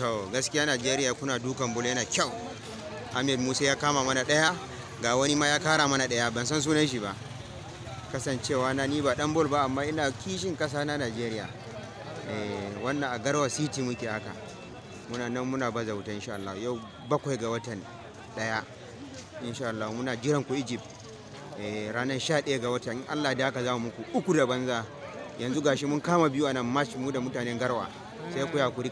to gaskiya najeriya kuna dukan bule yana kyau ahmed musa ya kama mana ɗaya ga wani ma ya kara mana ɗaya ban san sunan shi ba kasancewa na ni ba dan bol ba amma ina kishin kasa na najeriya eh, wannan a garwa city muke haka muna nan muna baza wuta insha Allah yau bakwai ga watan daya insha Allah muna jiran ku Egypt eh, ranar 11 ga watan in Allah da haka za mu muku uku da banza yanzu gashi mun kama biyu a nan match mu da mutanen garwa sai ku ya kuri